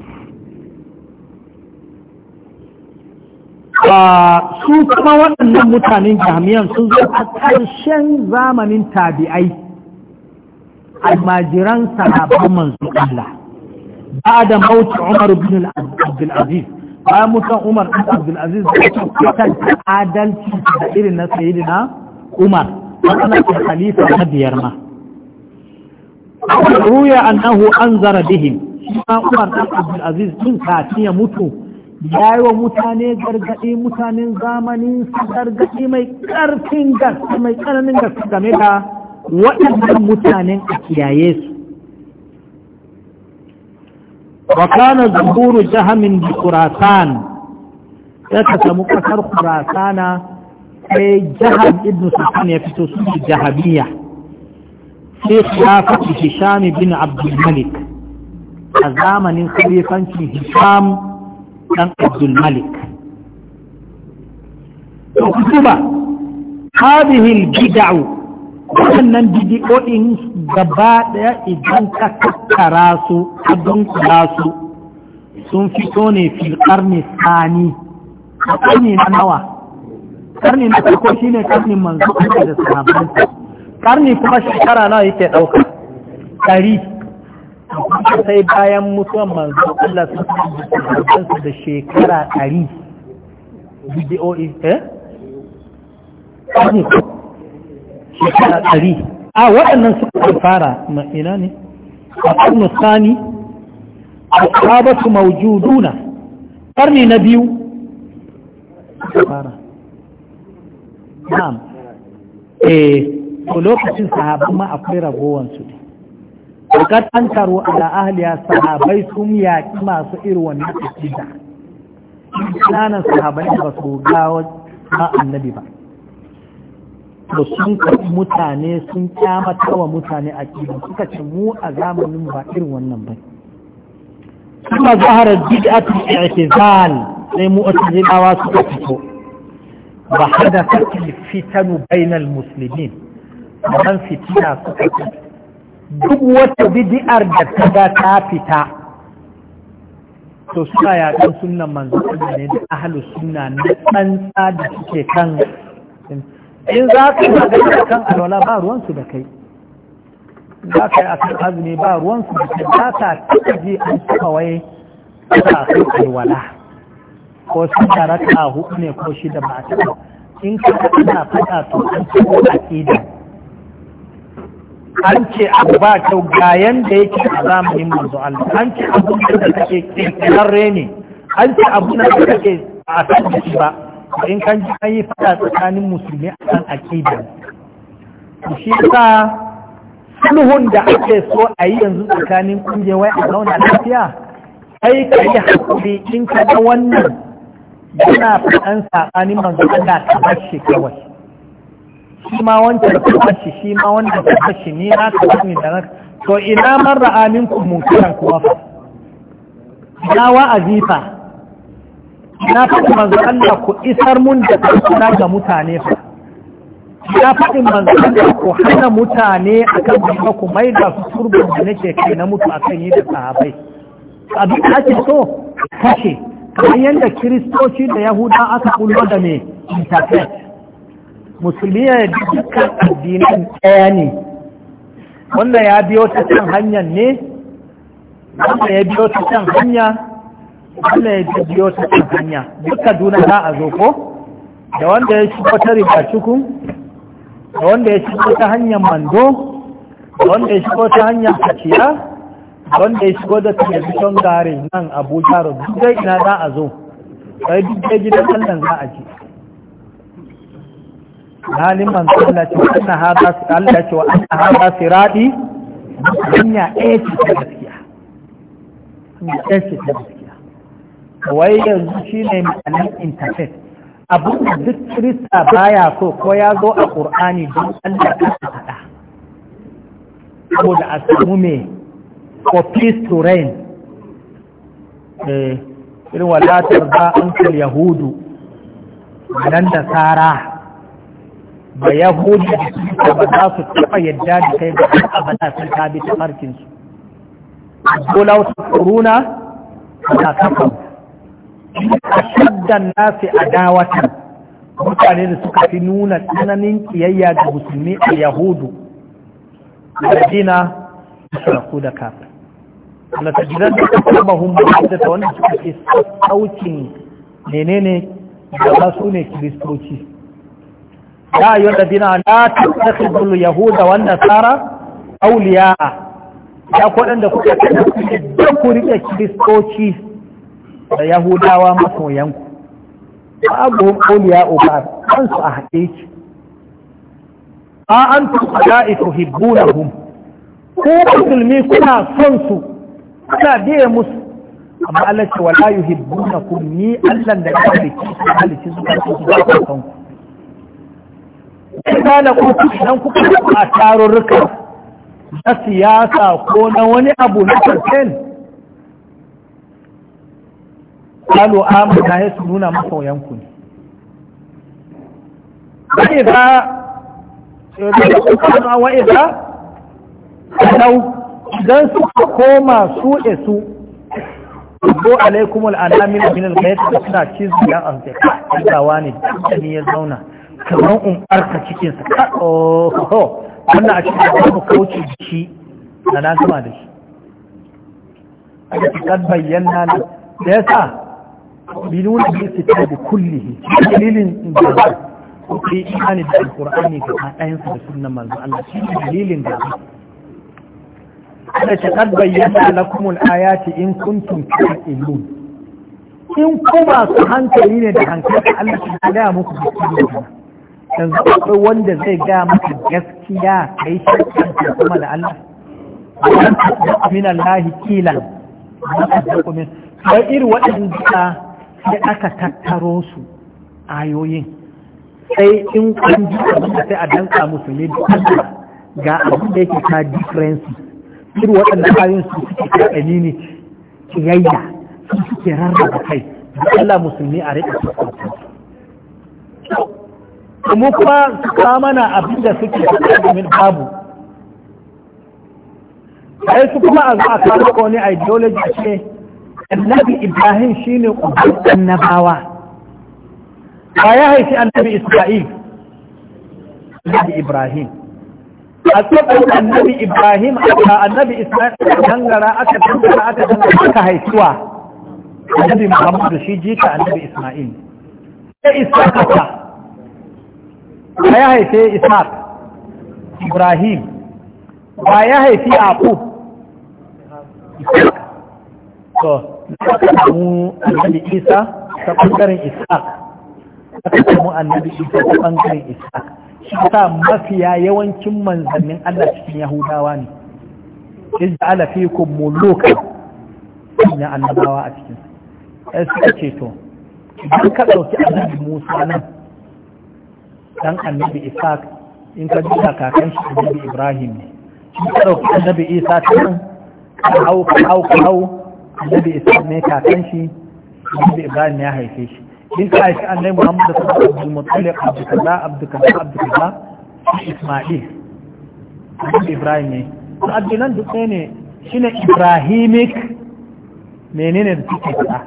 su kuma waɗannan mutanen jami'an sun zo a ƙarshen zamanin tabi'ai almajiran sahabban manzo Allah ba da mauti Umar bin Abdulaziz bayan mutan Umar bin Abdulaziz da ta da adalci da irin na sayidina Umar wannan ke khalifa na biyar ma ruya annahu anzara bihim shi ma Umar bin Abdulaziz din kafin ya mutu yayi wa mutane gargaɗi mutanen zamanin su gargaɗi mai ƙarfin gaske mai ƙananin gaske game da waɗannan mutanen a kiyaye su kana zamburu jahamin da kurasan ya ta samu ƙasar kurasana sai jahar ibn sufyan ya fito su jahabiya sai khilafat hisham bin abdul malik a zamanin khalifancin hisham dan Abdul Malik to kuma hadhihi al-bid'u wannan bid'o'in gaba daya idan ka tattara su abin kula su sun fito ne fil qarni tsani a karni na nawa ƙarni na farko ne ƙarni manzo da sahabbansa ƙarni kuma shekara nawa yake ɗauka ƙari sai bayan mutuwan manzo Allah su kansu da shekara ɗari bidiyoyi eh? shekara ɗari a waɗannan suka fara ma'ina ne a ƙarni sani a ƙabatu maujuduna ƙarni na biyu fara na'am eh to lokacin sahabin ma akwai ragowansu ne Bukat an karo ala ahliya sahabai sun yaƙi masu irin wannan aƙida. Ƙananan sahabai ba su gawo ba annabi ba. To sun mutane sun kyamata wa mutane aƙida suka ce mu a zamanin ba irin wannan ba. Kuma zaharar ke i'tizal sai mu'tazilawa suka fito. Ba hadathat fitanu bainal muslimin. Wannan fitina suka fito. duk wata bidi'ar da ta ga ta fita to suna yaƙin sunan manzo Allah ne da ahalu sunna na tsantsa da suke kan in za ka magana kan alwala ba ruwansu da kai za ka yi akan azumi ba ruwansu da kai za ka taɓa ji an taɓa wai ta kai alwala ko sun tara ka hudu ne ko shida ba a taɓa in ka ana faɗa to an taɓa ƙidan. an ce abu ba kyau ga yanda yake a zamanin manzo Allah an ce abu da kake kirkirarre ne an ce abu da kake a san da shi ba in kan ji an yi fada tsakanin musulmi a kan aƙida shi sa sulhun da ake so a yi yanzu tsakanin wai a zauna lafiya Kai ka yi hakuri in ka ga wannan yana faɗan tsakanin manzo Allah ka bar shi kawai shi ma wanda ka fashi shi ma wanda ka shi ni na ka fashi da nan to ina man ra'a minkum munkaran kuma fa ina wa'azi fa ina faɗi manzo Allah ku isar mun da kuna ga mutane fa ina faɗi manzo Allah ku hana mutane akan ba ku mai da su turbin da nake kai na mutu akan yi da sahabbai abin da ake so kashe kamar yadda kiristoci da yahuda aka kullo da me interface musulmi ya dukkan addinin ɗaya ne wannan ya biyo ta can hanyar ne wannan ya biyo ta can hanya wannan ya biyo ta can hanya duka duna za a zo ko da wanda ya shigo ta riga cikin da wanda ya shigo ta hanyar mando da wanda ya shigo ta hanyar kaciya da wanda ya shigo da telebishon gare nan abuja rubu zai ina za a zo sai duk gidan allah za a ji halin manzo Allah ce anna hada Allah ce wa anna hada sirati hanya ɗaya ce ta gaskiya hanya ɗaya ce ta gaskiya wai yanzu shine ma'anar interface abin da duk kirista baya so ko ya zo a ƙur'ani don Allah ka faɗa saboda a samu me for peace to reign eh irin wadatar ba an yahudu nan da tsara ba yahudi da ba za su taɓa yadda da kai ba a bata sun ta bi su dola wata kuruna na kafa a shaddan nasi a dawata mutane da suka fi nuna tsananin kiyayya da musulmi a yahudu da dina da sharaku da kafa. wanda ta gidan da ta kama hun da ta wanda suka fi saukin menene da ba su ne kiristoci ya ayyu alladina la tattakhidul yahuda wan nasara awliya ya kodan da kuka da ku rike kristoci da yahudawa masoyan ku babu awliya uba kansu a haƙiƙi a antum qada'i tuhibbunahum ku musulmi kuna son su kuna biye musu amma Allah ce wala yuhibbuna kun ni Allah da ya da halicci zuwa ku ba ku son ku kana ku dan kuka a tarurruka na siyasa ko na wani abu na karshen kalu na ya su nuna masa wayanku ne wa'iza wa'iza nau idan suka koma su su zo alaikumul alamin min alkayat da suna ya arzika ne da ya zauna kamar umbarka cikinsa ka wannan a cikin babu kauce da shi da na gama da shi a da cikin bayyana na da ya sa wani da ya fita da kullihi dalilin da ba ku ke imani da alkur'ani ga ɗayansa da sunan manzo Allah shi ne dalilin da ba da ta kad bayyana na lakumul ayati in kuntum ta'qilun in kuma su hankali ne da hankali Allah ya gaya muku da shi yanzu akwai wanda zai ga maka gaskiya kai shakkan ta kuma da Allah min Allah kilan sai irin waɗanda sai aka tattaro su ayoyin sai in kun ji abinda sai a danka musu ne ga abin da yake ta difference irin waɗanda ayoyin su suke ta ne kiyayya su suke rarraba kai da Allah musulmi a riƙa sassauta mu kuma ka mana abin da suke domin babu sai su kuma a zo a kawo ko ne ideology ce annabi ibrahim shine uban annabawa ba ya haifi annabi isra'il annabi ibrahim a tsakar annabi ibrahim a annabi isra'il tangara aka tangara aka tangara aka haifuwa annabi muhammadu shi jika annabi isma'il sai isra'il wa ya haife ishaq ibrahim wa ya haifi aqub to aka samu annabi isa ta ɓangaren ishaq aka samu annabi isa ta ɓangaren ishaq shi ta mafiya yawancin manzannin allah cikin yahudawa ne iz ala fikum muluka na annabawa a cikin sai suka ce to idan ka ɗauki annabi musa nan dan annabi isaac in ka duka kakan shi annabi ibrahim ne shi ka dauki annabi isa ta nan ka hau ka hau ka hau annabi isaac ne kakan shi annabi ibrahim ya haife shi in ka haifi annabi muhammad da sallallahu alaihi wasallam abdukaza abdukaza abdukaza isma'il annabi ibrahim ne to addinan duk ɗaya ne shine ibrahimic menene da suke faɗa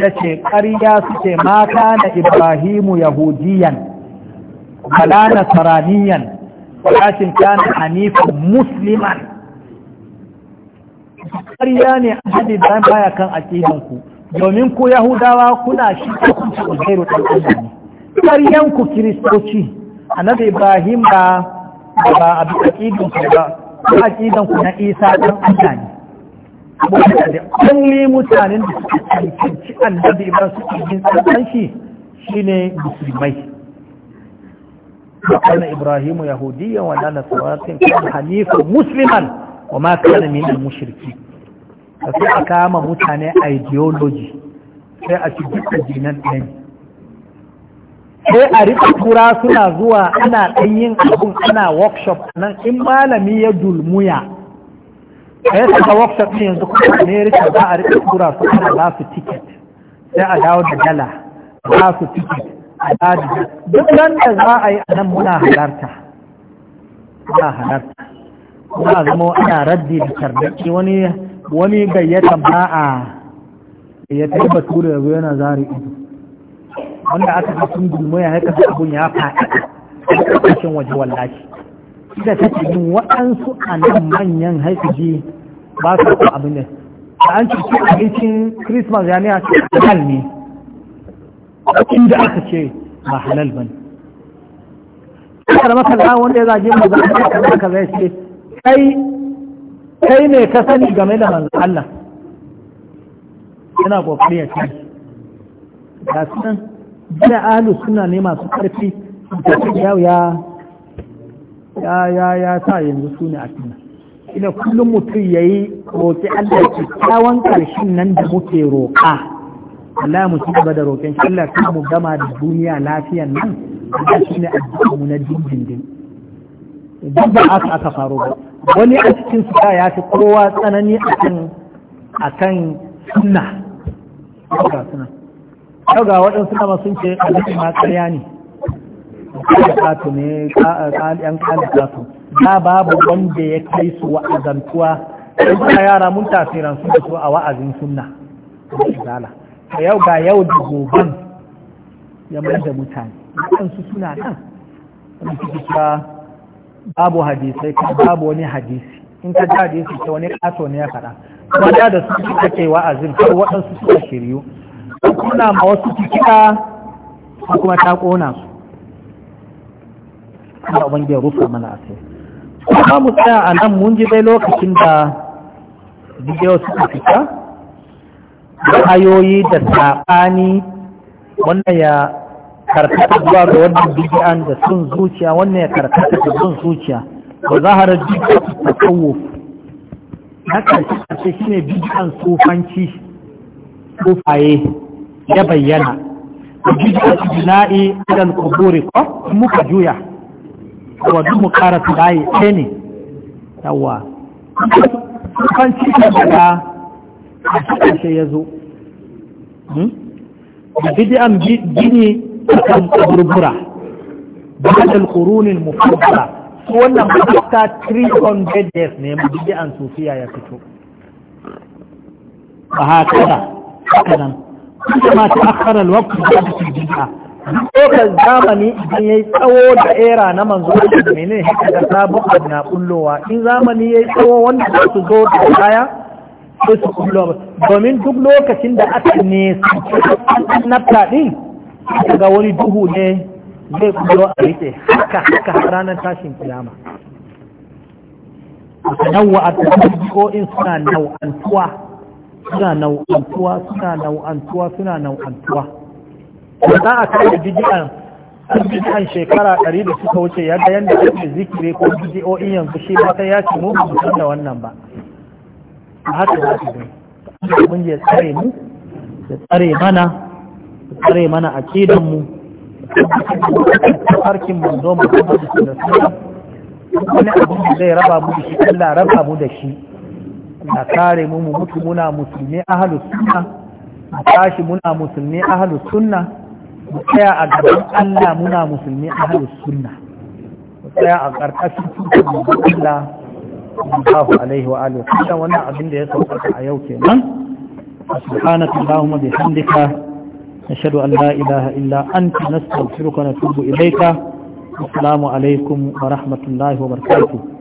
da ce ƙarya suke mata na ibrahimu yahudiyan wala nasaraniyan walakin kana hanifan musliman karya ne annabi Ibrahim baya kan aƙidanku. ku domin ku Yahudawa kuna shi ku ci Uzairu dan Allah ne ku Kiristoci annabi Ibrahim ba ba a aqidan ku ba ku aqidan ku na Isa dan Allah ne da only mutanen da suke cikin annabi Ibrahim suke shi shine musulmai وكان إبراهيم يهوديا ولا نصرات كان حنيفا مسلما وما كان من المشركين ففي أكام متعنى ايديولوجي sai a ci duk sai a riƙa kura suna zuwa ana ɗan abun ana workshop nan in malami ya dulmuya a yi saka workshop ɗin yanzu kuma america za a riƙa kura su ana ba su ticket sai a dawo da dala ba su ticket al'adu duk nan da za a yi a nan muna halarta muna halarta muna zama ana raddi da tarbaki wani wani gayyata ba a gayyatar ya da yana zari ido wanda aka ga sun gulmo ya haka su abun ya faɗi a ƙarƙashin waje wallahi ita ta ce yin waɗansu a nan manyan haifiji ba su abin da an ci abincin christmas ya ne a cikin ne abin da aka ce ba halal ba ne kar maka za wanda ya zage mu ka maka zai ce kai kai ne ka sani game da manzo Allah yana kokari ya ce ga sunan da alu suna ne masu karfi da ya ya ya ya sa yanzu su ne a cikin ina kullum mutum ya yi roƙi Allah kyakkyawan ƙarshen nan da muke roƙa Allah mu ci gaba da roƙon shi Allah kuma mu gama da duniya lafiyan nan da shi ne addu'a mu na dindindin duk ba aka aka faro ba wani a cikin su ya fi kowa tsanani akan akan sunna ga sunna yau ga waɗansu nama sun ce alhaji ma ƙarya ne da ƙato ne ƙan ƙan ƙato da babu wanda ya kai su wa'azantuwa ɗan yara mun su da su a wa'azin sunna da a yau ga yau da goban ya mai da mutane kansu suna nan wani cikin babu hadisai kan babu wani hadisi in ka ja da ta wani kato ne ya faɗa kuma ja da su suka ke wa'azin har waɗansu suka shiryu kuna ma wasu cikina ko kuma ta ƙona su Allah ubangiji rufa mana sai kuma mu tsaya a nan mun ji dai lokacin da bidiyo suka fita ra'ayoyi da saɓani wannan ya karkata zuwa ga wannan bidi'an da sun zuciya wannan ya karkata da sun zuciya ba za a rajin da tsawo na karshe shi ne bidi'an Ko sufaye ya bayyana bidi'an jina'i idan kuburi ko muka juya wa duk mu kara su ɗaya ne yawa sufanci daga a kasashe ya zo hmm? da bid'an gini a kan burbura بعد القرون المفضلة wannan hatta 300 years ne bid'an sufiya ya fito a haka haka nan kuma ma ta akhara alwaqt da bid'a lokacin zamani idan yi tsawo da era na manzo da menene haka da sabu na kullowa in zamani ya yi tsawo wanda su zo da baya sai su domin duk lokacin da aka ne na din daga wani duhu ne zai kuma a rike haka haka ranar tashin kiyama nawa a in suna nau'antuwa suna nau'antuwa suna nau'antuwa suna nau'antuwa za a kai bidiyan bidiyan shekara ɗari da suka wuce ya ga yadda ake zikire ko in yanzu shi ba ta yaci mu ba da wannan ba haka za su bai abin ya tsare mu ya tsare mana ya tsare mana a kidan mu harkin manzo da suna alaihi wani abin da zai raba mu da shi Allah raba mu da shi na kare mu mu mutu muna musulmi ahlus suna A tashi muna musulmi ahlus suna mu tsaya a gaban Allah muna musulmi ahlus suna mu tsaya a ƙarƙashin da Allah sallallahu alaihi wa alihi wasallam wannan abin da ya sauka a yau kenan subhanaka allahumma bihamdika nashhadu an la ilaha illa anta nastaghfiruka wa natubu ilayka assalamu alaikum wa rahmatullahi wa barakatuh